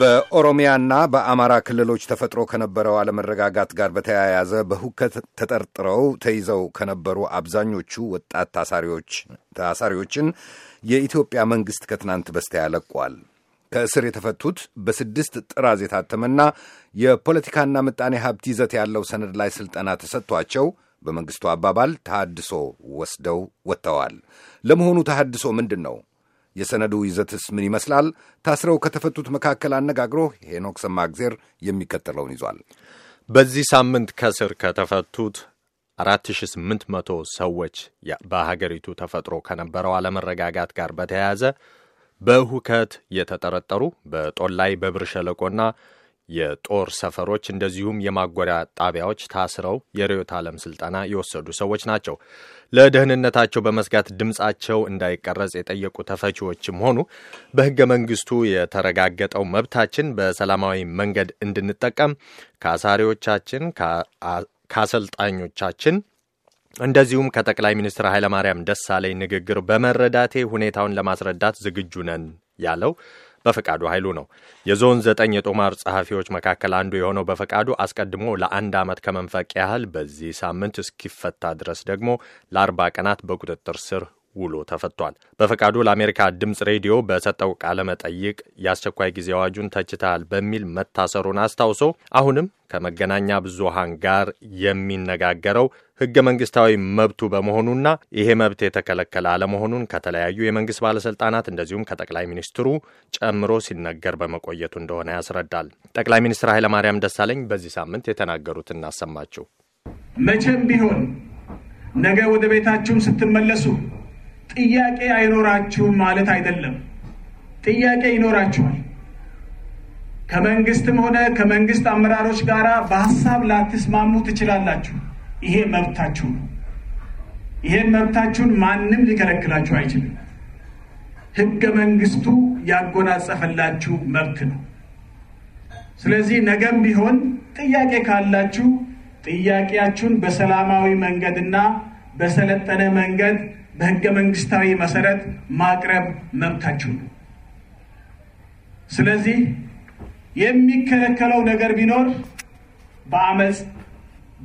በኦሮሚያና በአማራ ክልሎች ተፈጥሮ ከነበረው አለመረጋጋት ጋር በተያያዘ በሁከት ተጠርጥረው ተይዘው ከነበሩ አብዛኞቹ ወጣት ታሳሪዎችን የኢትዮጵያ መንግሥት ከትናንት በስቲያ ለቋል። ከእስር የተፈቱት በስድስት ጥራዝ የታተመና የፖለቲካና ምጣኔ ሀብት ይዘት ያለው ሰነድ ላይ ሥልጠና ተሰጥቷቸው በመንግሥቱ አባባል ተሃድሶ ወስደው ወጥተዋል። ለመሆኑ ተሃድሶ ምንድን ነው? የሰነዱ ይዘትስ ምን ይመስላል? ታስረው ከተፈቱት መካከል አነጋግሮ ሄኖክ ሰማእግዜር የሚከተለውን ይዟል። በዚህ ሳምንት ከስር ከተፈቱት 4800 ሰዎች በሀገሪቱ ተፈጥሮ ከነበረው አለመረጋጋት ጋር በተያያዘ በሁከት የተጠረጠሩ በጦላይ በብር ሸለቆና የጦር ሰፈሮች እንደዚሁም የማጎሪያ ጣቢያዎች ታስረው የርዕዮተ ዓለም ስልጠና የወሰዱ ሰዎች ናቸው። ለደህንነታቸው በመስጋት ድምፃቸው እንዳይቀረጽ የጠየቁ ተፈቺዎችም ሆኑ በሕገ መንግስቱ የተረጋገጠው መብታችን በሰላማዊ መንገድ እንድንጠቀም ከአሳሪዎቻችን፣ ከአሰልጣኞቻችን እንደዚሁም ከጠቅላይ ሚኒስትር ኃይለማርያም ደሳለኝ ንግግር በመረዳቴ ሁኔታውን ለማስረዳት ዝግጁ ነን ያለው በፈቃዱ ኃይሉ ነው። የዞን ዘጠኝ የጦማር ጸሐፊዎች መካከል አንዱ የሆነው በፈቃዱ አስቀድሞ ለአንድ ዓመት ከመንፈቅ ያህል በዚህ ሳምንት እስኪፈታ ድረስ ደግሞ ለአርባ ቀናት በቁጥጥር ስር ውሎ ተፈቷል። በፈቃዱ ለአሜሪካ ድምፅ ሬዲዮ በሰጠው ቃለ መጠይቅ የአስቸኳይ ጊዜ አዋጁን ተችተሃል በሚል መታሰሩን አስታውሶ አሁንም ከመገናኛ ብዙሃን ጋር የሚነጋገረው ህገ መንግስታዊ መብቱ በመሆኑና ይሄ መብት የተከለከለ አለመሆኑን ከተለያዩ የመንግስት ባለስልጣናት እንደዚሁም ከጠቅላይ ሚኒስትሩ ጨምሮ ሲነገር በመቆየቱ እንደሆነ ያስረዳል። ጠቅላይ ሚኒስትር ኃይለማርያም ደሳለኝ በዚህ ሳምንት የተናገሩት እናሰማችሁ። መቼም ቢሆን ነገ ወደ ቤታችሁም ስትመለሱ ጥያቄ አይኖራችሁም ማለት አይደለም። ጥያቄ ይኖራችኋል። ከመንግስትም ሆነ ከመንግስት አመራሮች ጋር በሀሳብ ላትስማሙ ትችላላችሁ። ይሄ መብታችሁ ነው። ይሄን መብታችሁን ማንም ሊከለክላችሁ አይችልም። ህገ መንግስቱ ያጎናጸፈላችሁ መብት ነው። ስለዚህ ነገም ቢሆን ጥያቄ ካላችሁ ጥያቄያችሁን በሰላማዊ መንገድና በሰለጠነ መንገድ በህገ መንግስታዊ መሰረት ማቅረብ መብታችሁ ነው። ስለዚህ የሚከለከለው ነገር ቢኖር በአመፅ፣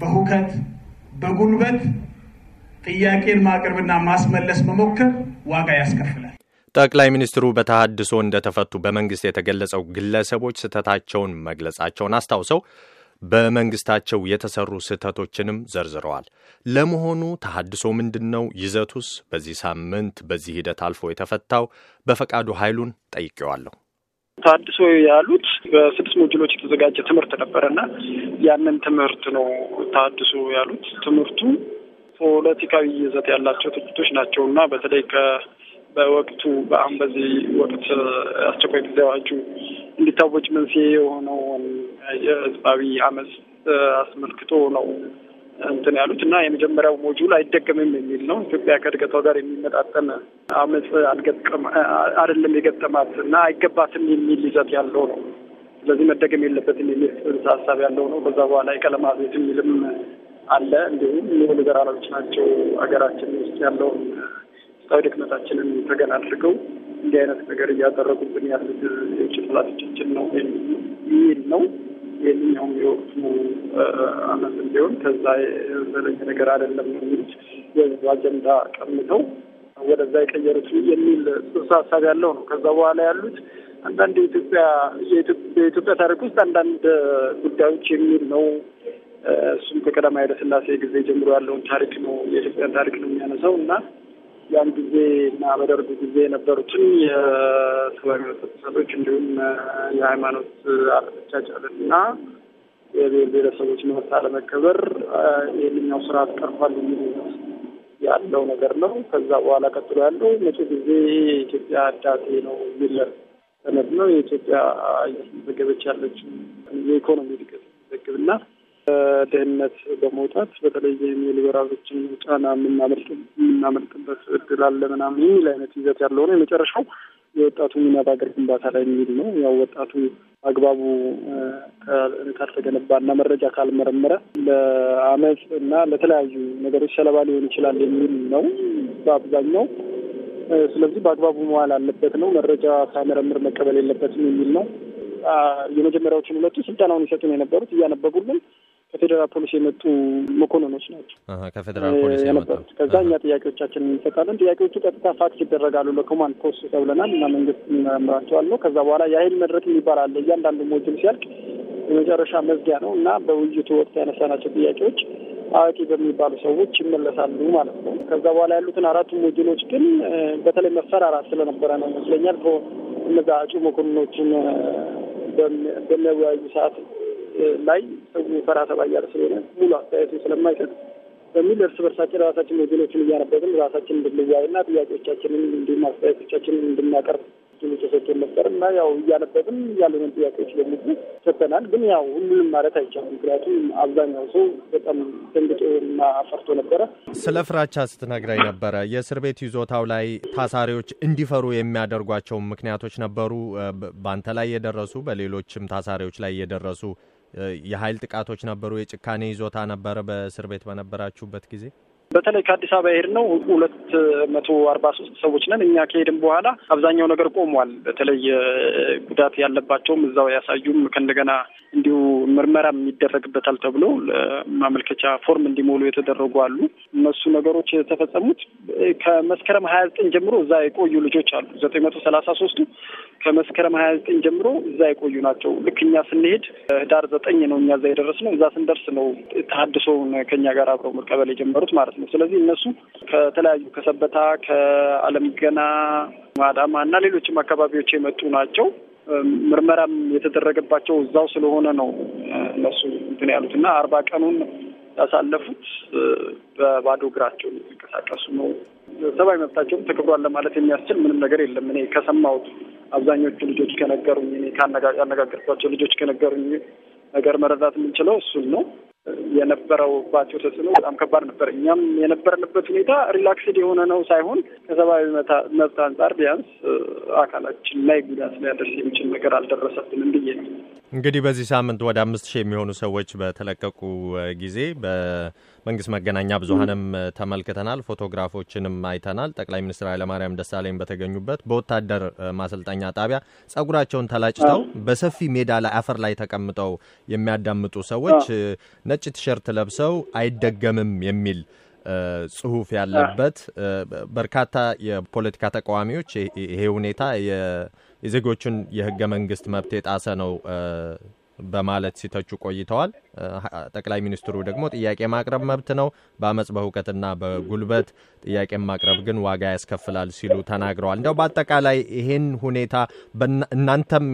በሁከት፣ በጉልበት ጥያቄን ማቅረብና ማስመለስ መሞከር ዋጋ ያስከፍላል። ጠቅላይ ሚኒስትሩ በተሃድሶ እንደተፈቱ በመንግስት የተገለጸው ግለሰቦች ስህተታቸውን መግለጻቸውን አስታውሰው በመንግስታቸው የተሰሩ ስህተቶችንም ዘርዝረዋል። ለመሆኑ ተሃድሶ ምንድን ነው? ይዘቱስ? በዚህ ሳምንት በዚህ ሂደት አልፎ የተፈታው በፈቃዱ ኃይሉን ጠይቄዋለሁ። ታድሶ ያሉት በስድስት ሞጁሎች የተዘጋጀ ትምህርት ነበረና ያንን ትምህርት ነው ታድሶ ያሉት። ትምህርቱ ፖለቲካዊ ይዘት ያላቸው ትችቶች ናቸው እና በተለይ በወቅቱ በአሁን በዚህ ወቅት አስቸኳይ ጊዜ አዋጁ እንዲታወጅ መንስኤ የሆነውን የህዝባዊ አመፅ አስመልክቶ ነው እንትን ያሉት እና የመጀመሪያው ሞጁል አይደገምም የሚል ነው። ኢትዮጵያ ከእድገቷ ጋር የሚመጣጠን አመፅ አይደለም የገጠማት እና አይገባትም የሚል ይዘት ያለው ነው። ስለዚህ መደገም የለበትም የሚል ጽንሰ ሀሳብ ያለው ነው። በዛ በኋላ የቀለማ ቤት የሚልም አለ። እንዲሁም ሊበራሎች ናቸው ሀገራችን ውስጥ ያለውን ውስጣዊ ድክመታችንን ተገን አድርገው እንዲህ አይነት ነገር እያደረጉብን ያሉት የውጭ ጠላቶቻችን ነው የሚል ነው። የትኛውም የወቅቱ አመት ቢሆን ከዛ የዘለየ ነገር አይደለም ነው የህዝብ አጀንዳ ቀምተው ወደዛ የቀየሩት የሚል ጽንሰ ሀሳብ ያለው ነው። ከዛ በኋላ ያሉት አንዳንድ የኢትዮጵያ በኢትዮጵያ ታሪክ ውስጥ አንዳንድ ጉዳዮች የሚል ነው። እሱም ከቀዳማዊ ኃይለሥላሴ ጊዜ ጀምሮ ያለውን ታሪክ ነው የኢትዮጵያን ታሪክ ነው የሚያነሳው እና ያን ጊዜ እና በደርግ ጊዜ የነበሩትን የሰብአዊ ጥሰቶች እንዲሁም የሃይማኖት አለመቻቻልን እና የብሔር ብሔረሰቦች መብት አለመከበር ይህንኛው ስርዓት ቀርፏል የሚል ያለው ነገር ነው። ከዛ በኋላ ቀጥሎ ያለው መቼ ጊዜ የኢትዮጵያ አዳሴ ነው የሚል ሰነድ ነው። የኢትዮጵያ እየተመዘገበች ያለችው የኢኮኖሚ እድገት ዘግብና ደህንነት በመውጣት በተለይ የሊበራሎችን ጫና የምናመልጥበት እድል አለ ምናምን የሚል አይነት ይዘት ያለው ነው። የመጨረሻው የወጣቱ ሚና በሀገር ግንባታ ላይ የሚል ነው። ያው ወጣቱ አግባቡ ካልተገነባ እና መረጃ ካልመረመረ ለአመፅ እና ለተለያዩ ነገሮች ሰለባ ሊሆን ይችላል የሚል ነው በአብዛኛው። ስለዚህ በአግባቡ መዋል አለበት ነው። መረጃ ሳይመረምር መቀበል የለበትም የሚል ነው። የመጀመሪያዎችን ሁለቱ ስልጠናውን ይሰጡን የነበሩት እያነበቡልን ከፌዴራል ፖሊስ የመጡ መኮንኖች ናቸው ከፌዴራል ፖሊስ የነበሩት። ከዛ እኛ ጥያቄዎቻችን እንሰጣለን። ጥያቄዎቹ ቀጥታ ፋክስ ይደረጋሉ። ለኮማንድ ፖስት ተብለናል እና መንግስት እንመረምራቸዋል ከዛ በኋላ የሀይል መድረክ የሚባል አለ። እያንዳንዱ ሞጁል ሲያልቅ የመጨረሻ መዝጊያ ነው እና በውይይቱ ወቅት ያነሳናቸው ጥያቄዎች አዋቂ በሚባሉ ሰዎች ይመለሳሉ ማለት ነው። ከዛ በኋላ ያሉትን አራቱ ሞጁሎች ግን በተለይ መፈራራት ስለነበረ ነው ይመስለኛል እነዛ አጩ መኮንኖችን በሚያወያዩ ሰዓት ላይ ሰው ፈራ ተባ እያለ ስለሆነ ሙሉ አስተያየቱ ስለማይሰጥ በሚል እርስ በርሳችን ራሳችን ወገኖችን እያነበብን ራሳችን እንድንዋይና ጥያቄዎቻችንን እንዲሁም አስተያየቶቻችንን እንድናቀርብ ሁለቱን ተሰጥቶን ነበር እና ያው እያነበብን ያለንን ጥያቄዎች በሙሉ ሰጥተናል። ግን ያው ሁሉንም ማለት አይቻልም። ምክንያቱም አብዛኛው ሰው በጣም ደንግጦ እና አፈርቶ ነበረ። ስለ ፍራቻ ስትነግረኝ ነበረ። የእስር ቤት ይዞታው ላይ ታሳሪዎች እንዲፈሩ የሚያደርጓቸው ምክንያቶች ነበሩ፣ በአንተ ላይ የደረሱ በሌሎችም ታሳሪዎች ላይ የደረሱ የኃይል ጥቃቶች ነበሩ፣ የጭካኔ ይዞታ ነበረ በእስር ቤት በነበራችሁበት ጊዜ? በተለይ ከአዲስ አበባ ሄድ ነው ሁለት መቶ አርባ ሶስት ሰዎች ነን። እኛ ከሄድን በኋላ አብዛኛው ነገር ቆሟል። በተለይ ጉዳት ያለባቸውም እዛው ያሳዩም ከእንደገና እንዲሁ ምርመራም ይደረግበታል ተብሎ ማመልከቻ ፎርም እንዲሞሉ የተደረጉ አሉ። እነሱ ነገሮች የተፈጸሙት ከመስከረም ሀያ ዘጠኝ ጀምሮ እዛ የቆዩ ልጆች አሉ። ዘጠኝ መቶ ሰላሳ ሶስቱ ከመስከረም ሀያ ዘጠኝ ጀምሮ እዛ የቆዩ ናቸው። ልክ እኛ ስንሄድ ህዳር ዘጠኝ ነው እኛ እዛ ነው እዛ ስንደርስ ነው ተሀድሶውን ከኛ ጋር አብረው መቀበል የጀመሩት ማለት ነው። ስለዚህ እነሱ ከተለያዩ ከሰበታ፣ ከአለም ገና፣ ማዳማ እና ሌሎችም አካባቢዎች የመጡ ናቸው። ምርመራም የተደረገባቸው እዛው ስለሆነ ነው እነሱ እንትን ያሉት እና አርባ ቀኑን ያሳለፉት በባዶ እግራቸው የተንቀሳቀሱ ነው ሰብአዊ መብታቸውም ተከብሯል ለማለት የሚያስችል ምንም ነገር የለም። እኔ ከሰማሁት አብዛኞቹ ልጆች ከነገሩኝ፣ እኔ ያነጋገርኳቸው ልጆች ከነገሩኝ ነገር መረዳት የምንችለው እሱን ነው። የነበረው ባቸው ተጽዕኖ በጣም ከባድ ነበር። እኛም የነበርንበት ሁኔታ ሪላክስድ የሆነ ነው ሳይሆን ከሰብአዊ መብት አንጻር ቢያንስ አካላችን ላይ ጉዳት ሊያደርስ የሚችል ነገር አልደረሰብንም ብዬ እንግዲህ በዚህ ሳምንት ወደ አምስት ሺህ የሚሆኑ ሰዎች በተለቀቁ ጊዜ መንግስት መገናኛ ብዙሀንም ተመልክተናል፣ ፎቶግራፎችንም አይተናል። ጠቅላይ ሚኒስትር ኃይለማርያም ደሳለኝ በተገኙበት በወታደር ማሰልጠኛ ጣቢያ ጸጉራቸውን ተላጭተው በሰፊ ሜዳ ላይ አፈር ላይ ተቀምጠው የሚያዳምጡ ሰዎች ነጭ ቲሸርት ለብሰው አይደገምም የሚል ጽሁፍ ያለበት በርካታ የፖለቲካ ተቃዋሚዎች ይሄ ሁኔታ የዜጎቹን የህገ መንግስት መብት የጣሰ ነው በማለት ሲተቹ ቆይተዋል። ጠቅላይ ሚኒስትሩ ደግሞ ጥያቄ ማቅረብ መብት ነው፣ በአመፅ በሁከትና በጉልበት ጥያቄ ማቅረብ ግን ዋጋ ያስከፍላል ሲሉ ተናግረዋል። እንደው በአጠቃላይ ይህን ሁኔታ እናንተም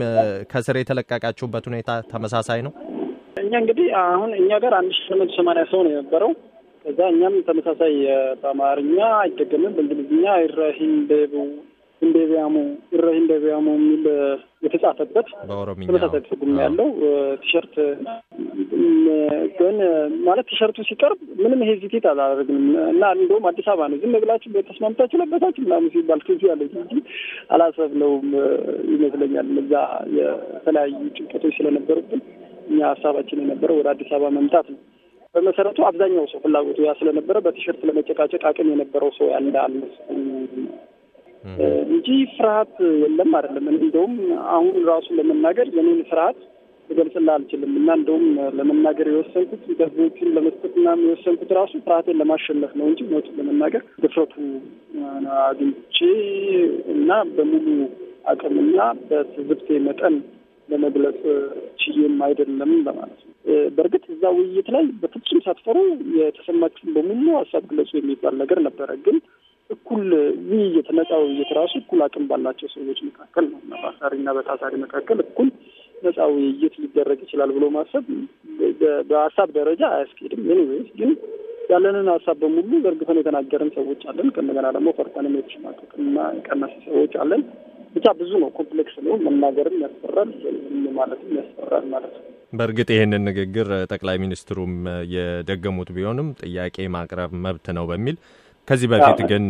ከስር የተለቀቃችሁበት ሁኔታ ተመሳሳይ ነው። እኛ እንግዲህ አሁን እኛ ጋር አንድ ሺ ስምንት ሰማንያ ሰው ነው የነበረው። ከዛ እኛም ተመሳሳይ በአማርኛ አይደገምም፣ በእንግሊዝኛ ራሂም እንደቢያሙ እረ እንደቢያሙ የሚል የተጻፈበት ተመሳሳይ ትርጉም ያለው ቲሸርት ግን ማለት ቲሸርቱ ሲቀርብ ምንም ሄዚቴት አላደርግም እና እንደውም አዲስ አበባ ነው ዝም ብላችሁ በተስማምታችሁ ለበሳችሁ ምናምን ሲባል ክ ያለ አላሰብነውም ይመስለኛል። እዛ የተለያዩ ጭንቀቶች ስለነበሩብን እኛ ሀሳባችን የነበረው ወደ አዲስ አበባ መምጣት ነው። በመሰረቱ አብዛኛው ሰው ፍላጎቱ ያ ስለነበረ በቲሸርት ለመጨቃጨቅ አቅም የነበረው ሰው ያለ አልመሰለኝም። እንጂ ፍርሃት የለም አይደለም። እንደውም አሁን ራሱ ለመናገር የኔን ፍርሃት ልገልጽልህ አልችልም። እና እንደውም ለመናገር የወሰንኩት ለመስጠት ና የወሰንኩት ራሱ ፍርሃቴን ለማሸነፍ ነው እንጂ እውነቱን ለመናገር ድፍረቱ አግኝቼ እና በሙሉ አቅምና በትዝብቴ መጠን ለመግለጽ ችዬም አይደለም ለማለት ነው። በእርግጥ እዛ ውይይት ላይ በፍጹም ሳትፈሩ የተሰማችሁን በሙሉ ሀሳብ ግለጹ የሚባል ነገር ነበረ ግን እኩል ውይይት፣ ነጻ ውይይት ራሱ እኩል አቅም ባላቸው ሰዎች መካከል ነው በአሳሪና በታሳሪ መካከል እኩል ነጻ ውይይት ሊደረግ ይችላል ብሎ ማሰብ በሀሳብ ደረጃ አያስኬድም። ኤኒዌይስ ግን ያለንን ሀሳብ በሙሉ ዘርግፈን የተናገርን ሰዎች አለን። ከእንደገና ደግሞ ፈርተንም የተሸማቀቅና የቀነሰ ሰዎች አለን። ብቻ ብዙ ነው፣ ኮምፕሌክስ ነው። መናገርም ያስፈራል፣ ማለትም ያስፈራል ማለት ነው። በእርግጥ ይህንን ንግግር ጠቅላይ ሚኒስትሩም የደገሙት ቢሆንም ጥያቄ ማቅረብ መብት ነው በሚል ከዚህ በፊት ግን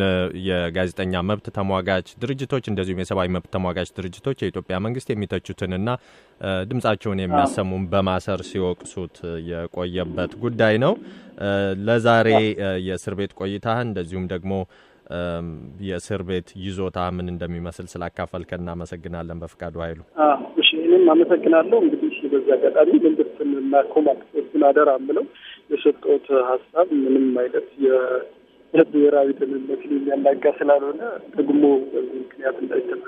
የጋዜጠኛ መብት ተሟጋች ድርጅቶች እንደዚሁም የሰብአዊ መብት ተሟጋች ድርጅቶች የኢትዮጵያ መንግስት የሚተቹትንና ድምጻቸውን የሚያሰሙን በማሰር ሲወቅሱት የቆየበት ጉዳይ ነው። ለዛሬ የእስር ቤት ቆይታህ እንደዚሁም ደግሞ የእስር ቤት ይዞታ ምን እንደሚመስል ስላካፈልከ እናመሰግናለን። በፍቃዱ ኃይሉ እሺ፣ እኔም አመሰግናለሁ። እንግዲህ በዚህ አጋጣሚ መንግስትን እና ኮማክትን አደራ ምለው የሰጠሁት ሀሳብ ምንም አይነት ለብሔራዊ ደህንነት የሚያላጋ ስላልሆነ ደግሞ በዚህ ምክንያት እንዳይተመ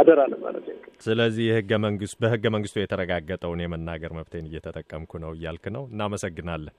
አደራ ለማለት ስለዚህ የህገ መንግስት በህገ መንግስቱ የተረጋገጠውን የመናገር መብቴን እየተጠቀምኩ ነው እያልክ ነው። እናመሰግናለን።